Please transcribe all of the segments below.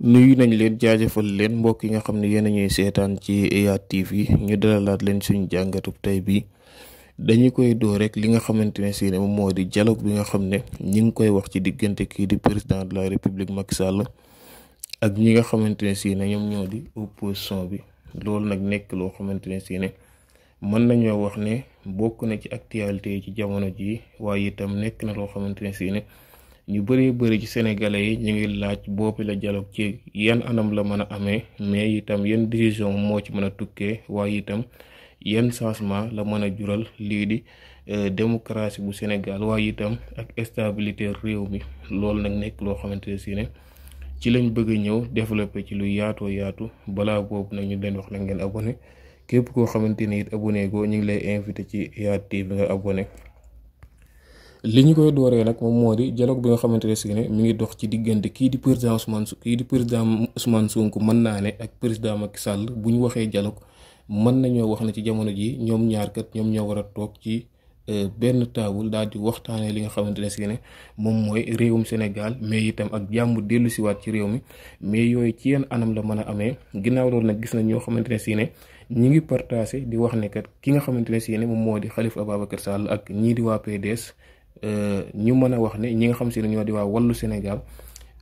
nuyu nañ leen jaajëfal leen mbokk yi nga xam ne yéen a ñuy seetaan ci IYAT yi ñu dalalaat leen suñu jàngatu tey bii dañu koy door rek li nga xamante ne si ne moom di dialogue bi nga xam ne ñi ngi koy wax ci diggante kii di président la république Macky Sall ak ñi nga xamante ne si ne ñoom ñoo di opposition bi loolu nag nekk loo xamante ne si ne mën nañoo wax ne bokk na ci actualité yi ci jamono jii waaye itam nekk na loo xamante ne si ne. ñu bëree bëri ci sénégalais yi ñu ngi laaj boppi la dialogue ci yan anam la mën a amee mais itam yan décision moo ci mën a tukkee waaye itam yan changement la mën a jural lii di euh, démocratie bu Sénégal waaye itam ak stabilité réew mi loolu nag nekk loo xamante ne si ci lañ bëgg ñëw développé ci lu yaatoo yaatu balaa boobu nag ñu leen wax na ngeen abonné képp koo xamante ni it abonné goo ñu ngi lay invité ci IYAT TV nga abonné li ñu koy dooree nag moom moo di dialogue bi nga xamante ne si ne mi ngi dox ci diggante kii di président Ousmane kii di président Ousmane Sonko mën naa ne ak président Macky Sall bu ñu waxee dialogue mën nañoo wax ne ci jamono ji ñoom ñaar ñoom ñoo war a toog ci euh, benn taabul daal di waxtaanee li nga xamante ne si ne moom mooy réewum Sénégal mais itam ak jàmm dellu siwaat ci réew mi mais yooyu ci yenn anam la mën a amee ginnaaw loolu nag gis nañ ñoo xamante ne si ne. ñi ngi partagé di wax ne kat ki nga xamante ne si ne moom moo di Khalifa Ababacar Sall ak ñii di waa PDS Euh, ñu mën a wax ne ñi nga xam si ne ñoo di waa wallu Sénégal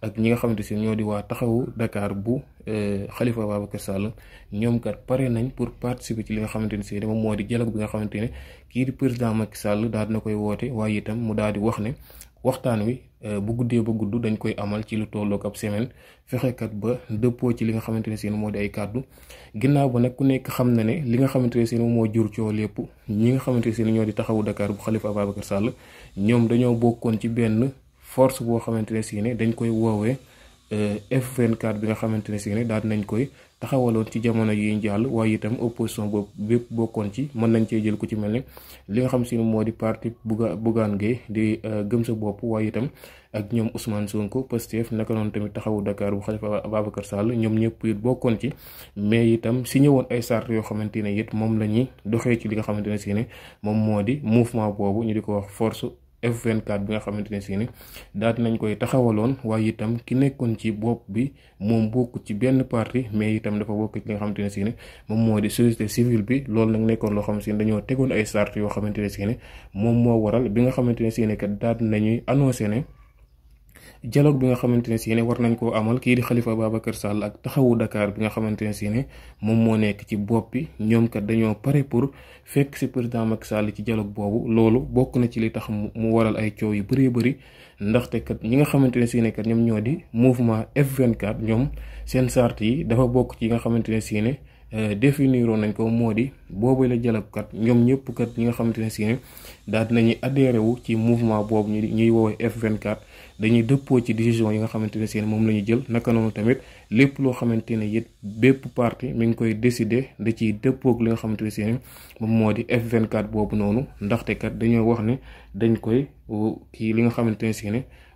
ak ñi nga xamante si ñoo di waa taxawu Dakar bu euh, Khalifa Babacar Sall ñoom kat pare nañ pour participer ci li nga xamante ni si moom moo di dialogue bi nga xamante ne kii di président Macky Sall daal dina koy woote waaye itam mu daal di wax ne waxtaan wi euh, bu guddee ba gudd dañ koy amal ci lu tolloog ab semaine kat ba dëppoo ci li nga xamante ne seen moo di ay kàddu ginnaaw ba nag ku nekk xam na ne li nga xamante ne seen moo jur coow lépp ñi nga xamante ne ñoo di taxawu dakaar bu Khalifa Ababacar Sall ñoom dañoo bokkoon ci benn force boo xamante ne si ne dañ koy woowee Eh, F24 bi nga xamante ne si ne daal nañ koy taxawaloon ci jamono yi ñu jàll waaye itam opposition boobu bépp bokkoon ci mën nañ cee jël ko ci mel ne li nga xam si ne moo di parti Bouga Bougane Gueye di eh, gëm sa bopp waaye itam ak ñoom Ousmane Sonko Pastef naka noonu tamit taxawu Dakar bu Khalifa Ababacar Sall ñoom ñëpp bokkoon ci mais itam si ñëwoon ay sart yoo xamante ne it moom la ñuy doxee ci li nga xamante ne si ne moom moo di mouvement boobu ñu di ko wax force F24 bi nga xamante ne si ni daal nañ koy taxawaloon waaye itam ki nekkoon ci bopp bi moom bokk ci benn parti mais itam dafa bokk ci nga xamante ne si ni moom moo di société civile bi loolu nag nekkoon loo xam si ne dañoo tegoon ay sart yoo xamante ne si ni moom moo waral bi nga xamante ne si ni kat daal nañuy annoncé ne jaloog bi nga xamante ne si ne war nañ koo amal kii di Khalifa Babacar Sall ak taxawu Dakar bi nga xamante ne si moom moo nekk ci bopp bi ñoom kat dañoo pare pour fekk si président Macky Sall ci dialogue boobu loolu bokk na ci li tax mu waral ay coow yu bëree bëri ndaxte kat ñi nga xamante ne si ne kat ñoom ñoo di mouvement F24 ñoom seen sart yi dafa bokk ci yi nga xamante ne si Euh, définir nañ ko moo di boobu la jalabkat ñoom ñëpp kat ñi nga xamante ne si ne daal dinañuy wu ci mouvement boobu ñu di ñuy woowee F24 dañuy dëppoo ci décision yi nga xamante ne si moom la ñu jël naka noonu tamit lépp loo xamante ne it bépp parti mi ngi koy décider da ciy dëppoog li nga xamante ne si moom moo di F24 boobu noonu ndaxte kat dañoo wax ni dañ koy uh, kii li nga xamante ne si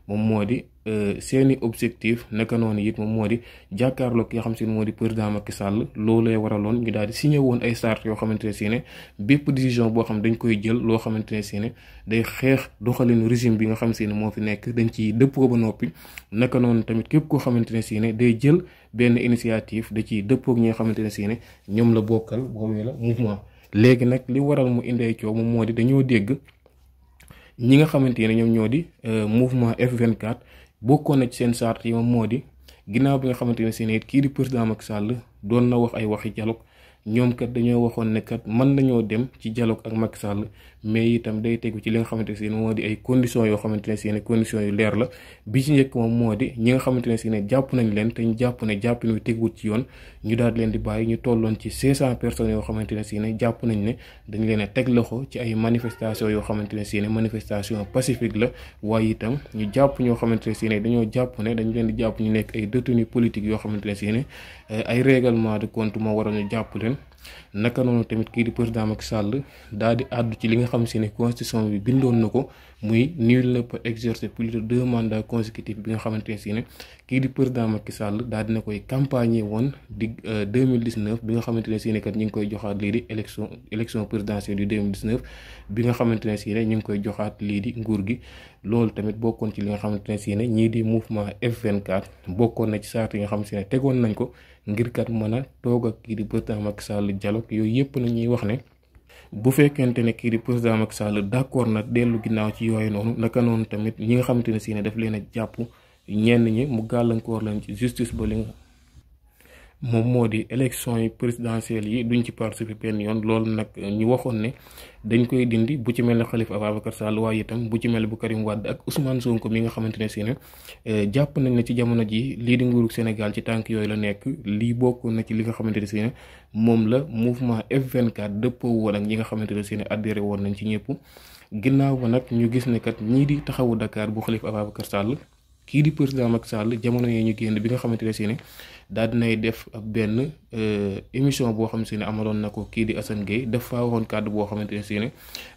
moom moo di euh, seeni objectif naka noonu it moom moo di jàkkaarlook ki nga xam si ne moo di président Macky Sall loolee waraloon ñu daal di signé woon ay charte yoo xamante ne si ne bépp décision boo xam dañ koy jël loo xamante ne si ne day xeex doxalinu régime bi nga xam si ne moo fi nekk dañ ciy dëppoo ba noppi naka noonu tamit képp koo xamante ne si ne day jël benn initiative da ciy dëppoog ñi nga xamante ne si ne ñoom la bokkal boobu la mouvement léegi nag li waral mu indee coow moom moo di dañoo dégg. ñi nga xamante ne ñoom ñoo di euh, mouvement F24 bokkoon na ci seen sart yi moom moo di ginnaaw bi nga xamante ne seen ne kii di président Macky sàll doon na wax ay waxi dialogue ñoom kat dañoo waxoon ne man mën nañoo dem ci dialogue ak Macky Sall mais itam day tegu ci li nga xamante ne si moo di ay conditions yoo xamante ne si ne conditions yu leer la bi ci moo di ñi nga ne si ne jàpp nañ leen te jàpp jàpp nañu teguwut ci yoon ñu daal di leen di bàyyi ñu tolloon ci 500 personnes yoo xamante ne si ne jàpp nañ ne dañ leen a teg loxo ci ay manifestations yoo xamante ne si ne manifestation pacifique la waaye itam ñu jàpp ñoo xamante ne si ne dañoo jàpp ne dañ leen di jàpp ñu nekk ay détenus politiques yoo xamante ne si ne ay règlement de compte moo waral ñu jàpp leen leen naka noonu tamit kii di président Macky Sall daal di àddu ci li nga xam si ne constitution bi bindoon na ko muy nul ne peut exercer plus de deux bi nga xamante ne si ne kii di président Macky Sall daal na koy campagner woon di euh, mille 2019 bi nga xamante ne si ne kat ñu ngi koy joxaat lii di élection élection présidentielle du 2019 bi nga xamante ne si ne ñu ngi koy joxaat lii di nguur gi loolu tamit bokkoon ci li nga xamante ne si ne ñii di mouvement F24 bokkoon na ci saat yi nga xam si ne tegoon nañ ko ngir kat mën a toog ak kii di président Macky Sall dialogue yooyu yëpp na ñuy wax ne bu fekkente ne kii di président Macky Sall d'accord nag dellu ginnaaw ci yooyu noonu naka noonu tamit ñi nga xamante ne si ne daf leen a jàpp ñenn ñi mu gàllankoor lañu ci justice ba moom moo di élection yi présidentielles yi duñ ci participer pen yoon loolu nag ñu waxoon ne dañ koy dindi bu ci mel ne Khalifa Ababacar Sall waaye itam bu ci mel bu Karim wadd ak Ousmane Sonko mi nga xamante ne si ne eh, jàpp nañ ne ci jamono ji lii di nguuru Sénégal ci tànk yooyu la nekk lii bokkoon na ci li nga xamante ne si moom la mouvement F24 dëppoo woon ak ñi nga xamante ne si ne adhéré woon nañ ci ñëpp ginnaaw ba nag ñu gis ne kat ñii di taxawu Dakar bu Khalifa Ababacar Sall. kii di président Macky Sall jamono yee ñu génn bi nga xamante ne si ne daal dinay def ab benn euh, émission boo xam si ne amaloon na ko kii di Assane Gueye dafa waxoon kàddu boo xamante ne si ne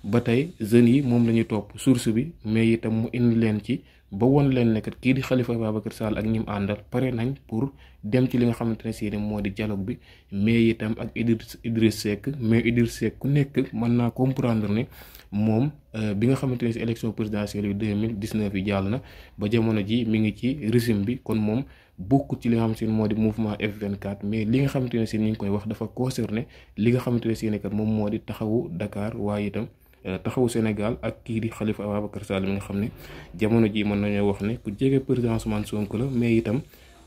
ba tey jeunes yi moom la ñuy topp source bi mais itam mu indi leen ci ba won leen ne kii di xalifa Ababacar Sall ak ñi mu àndal pare nañ pour dem ci li nga xamante ne si ne moo di dialogue bi mais itam ak Idriss Idriss Seck mais Idriss Seck ku nekk mën naa comprendre ne moom euh, bi nga xamante ne si élection présidentielle yu 2019 yi jàll na ba jamono ji mi ngi ci régime bi kon moom bokk ci li nga xamante ne moo di mouvement F24 mais li nga xamante ne si ñu ngi koy wax dafa concerné li nga xamante ne si ne moom moo di taxawu dakaar waaye itam. Euh, taxawu Sénégal ak kii di xalifa Ababacar Sall mi nga xam ne jamono ji mën nañoo wax ne ku jege président Ousmane Sonko la mais itam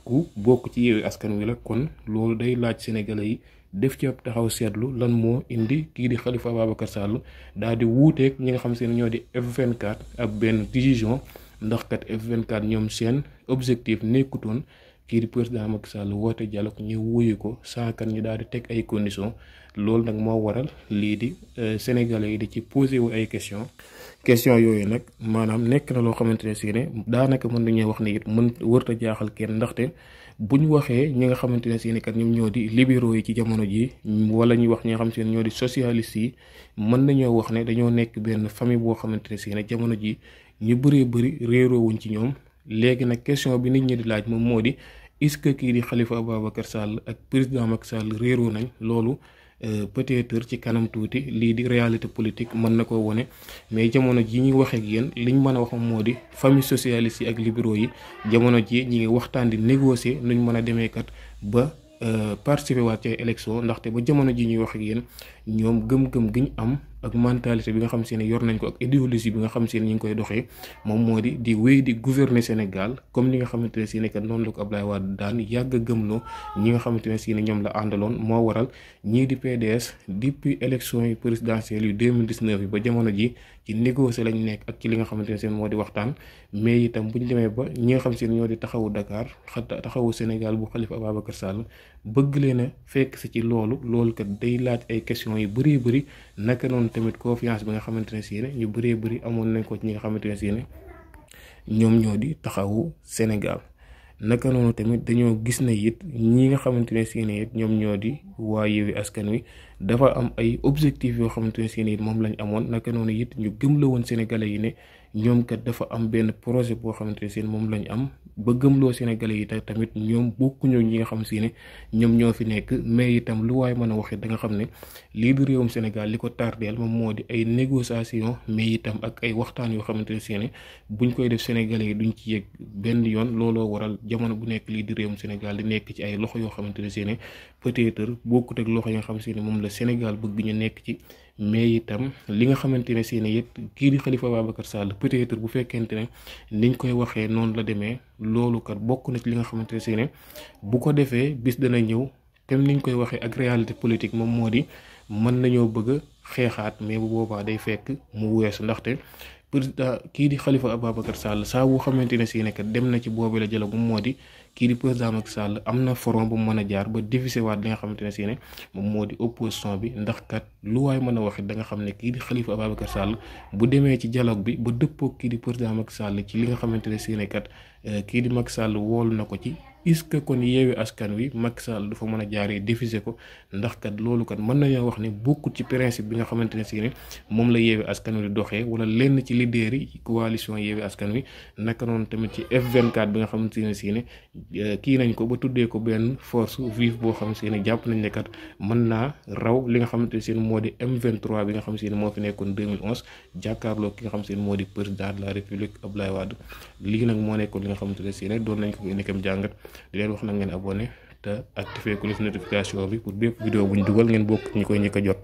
ku bokk ci yeewu askan wi la kon loolu day laaj sénégalais yi def ci ab taxaw seetlu lan moo indi kii di xalifa Ababacar Sall daal di wuuteeg ñi nga xam seen ñoo di F24 ak benn décision ndax kat F24 ñoom seen objectif nekkutoon. kii di président Macky Sall woote dialogue ñu wuyu ko saa kan ñu daal di teg ay conditions loolu nag moo waral lii di euh, sénégalais yi di ci posé wu ay questions questions yooyu nag maanaam nekk na loo xamante ne si ne daanaka mën nañoo wax ni it mën wërta jaaxal kenn ndaxte bu ñu waxee ñi nga xamante ne si ne kat ñoom ñoo di libéraux yi ci jamono ji wala ñuy wax ñi nga xam si ne ñoo di socialistes yi mën nañoo wax ne dañoo nekk benn famille boo xamante ne si ne jamono ji ñu bëree bëri réeroowuñ ci ñoom léegi nag question bi nit ñi di laaj moom moo di est-ce que kii di Khalifa Ababacar Sall ak président Macky Sall réeroo nañ loolu euh, peut-être ci kanam tuuti lii di réalité politique mën na ko wone mais jamono ji ñuy wax ak yéen liñ mën a wax moo di famille socialiste yi ak libéraux yi jamono ji ñi ngi waxtaan di négocier nuñ mën a demee kat ba euh, participer waat ci élection ndaxte ba jamono ji ñuy wax ak yéen ñoom gëm-gëm gi ñu am ak mentalité bi nga xam si ne yor nañ ko ak idéologie bi nga xam si ne ñu ngi koy doxee moom moo di di wéy di gouverner Sénégal comme ni nga xamante ne si ne que noonu la ko Abdoulaye Wade daan yàgg a gëmloo ñi nga xamante ne si ne ñoom la àndaloon moo waral ñii di PDS depuis élection yi présidentielles yu 2019 yi ba jamono ji ci négocier lañ nekk ak ci li nga xamante ne seen moo di waxtaan mais itam bu ñu demee ba ñi nga xam si ñoo di taxawu Dakar taxawu Sénégal bu Khalifa Ababacar Sall bëgg leen a fekk si ci loolu loolu kat day laaj ay questions yu bëree bëri naka noonu tamit confiance bi nga xamante ne si ne ñu bëree bëri amoon nañ ko ci ñi nga xamante ne si ñoom ñoo di taxawu Sénégal. naka noonu tamit dañoo gis na it ñi nga xamante ne si ne ñoom ñoo di waaye Yewwi Askan Wi dafa am ay objectifs yoo xamante ne si ne moom lañ amoon naka noonu it ñu gëm la woon sénégalais yi ne ñoom kat dafa am benn projet boo xamante ne si moom lañ am ba gëmloo Sénégalais yi te tamit ñoom bokkuñu ñi nga xam si ne ñoom ñoo fi nekk mais itam lu waaye mën a waxee da nga xam ne lii di réewum Sénégal li ko tardeel moom moo di ay négociation mais itam ak ay waxtaan yoo xamante ne si buñ koy def Sénégalais yi duñ ci yëg benn yoon looloo waral jamono bu nekk lii di réewum Sénégal di nekk ci ay loxo yoo xamante ne si ne peut-être bokkut ak loxo yi nga xam si ne moom la Sénégal bëgg ñu nekk ci mais itam li nga xamante ne si ne it kii di Khalifa Ababacar Sall peut-être bu fekkente ne niñ koy waxee noonu la demee loolu kat bokk na ci li nga xamante ne si ne bu ko defee bis dana ñëw comme niñ koy waxee ak réalité politique moom moo di mën nañoo bëgg xeexaat mais bu boobaa day fekk mu weesu ndaxte. président euh, kii di Khalifa Ababacar sàll saa bu xamante ne si dem na ci boobu la jëlagu moo di kii di président Macky Sall am na forom bu mën a jaar ba diviser waat li nga xamante ne si ne moom moo di opposition bi ndax kat lu waay mën a waxit da nga xam ne kii di Khalifa Ababacar Sall bu demee ci dialogue bi ba dëppoo kii di président Macky Sall ci li nga xamante ne si kat Euh, kii di Macky Sall woolu na ko ci est que kon yeewi askan wi Macky Sall dafa mën a jaaree diffuser ko ndax loolu kat mën nañoo wax ne bokkut ci principe bi nga xamante ne si ne moom la yeewi askan wi doxee wala lenn ci leader yi coalition yeewi askan wi naka noonu tamit ci F24 bi nga xamante ne si ne euh, kii nañ ko ba tuddee ko benn force vive boo xam si ne jàpp nañ ne kat mën naa raw li nga xamante ne moo di M23 bi nga xam si ne moo fi nekkoon 2011 jàkkaarloo ki nga xam si moo di président de la république Abdoulaye Wade lii nag moo nekkoon li nga xamante ne si nag doon nañ ko indi kam jàngat di wax na ngeen abonné te activé ko les notification bi pour bépp vidéo bu dugal ngeen bokk ñi koy njëkk a jot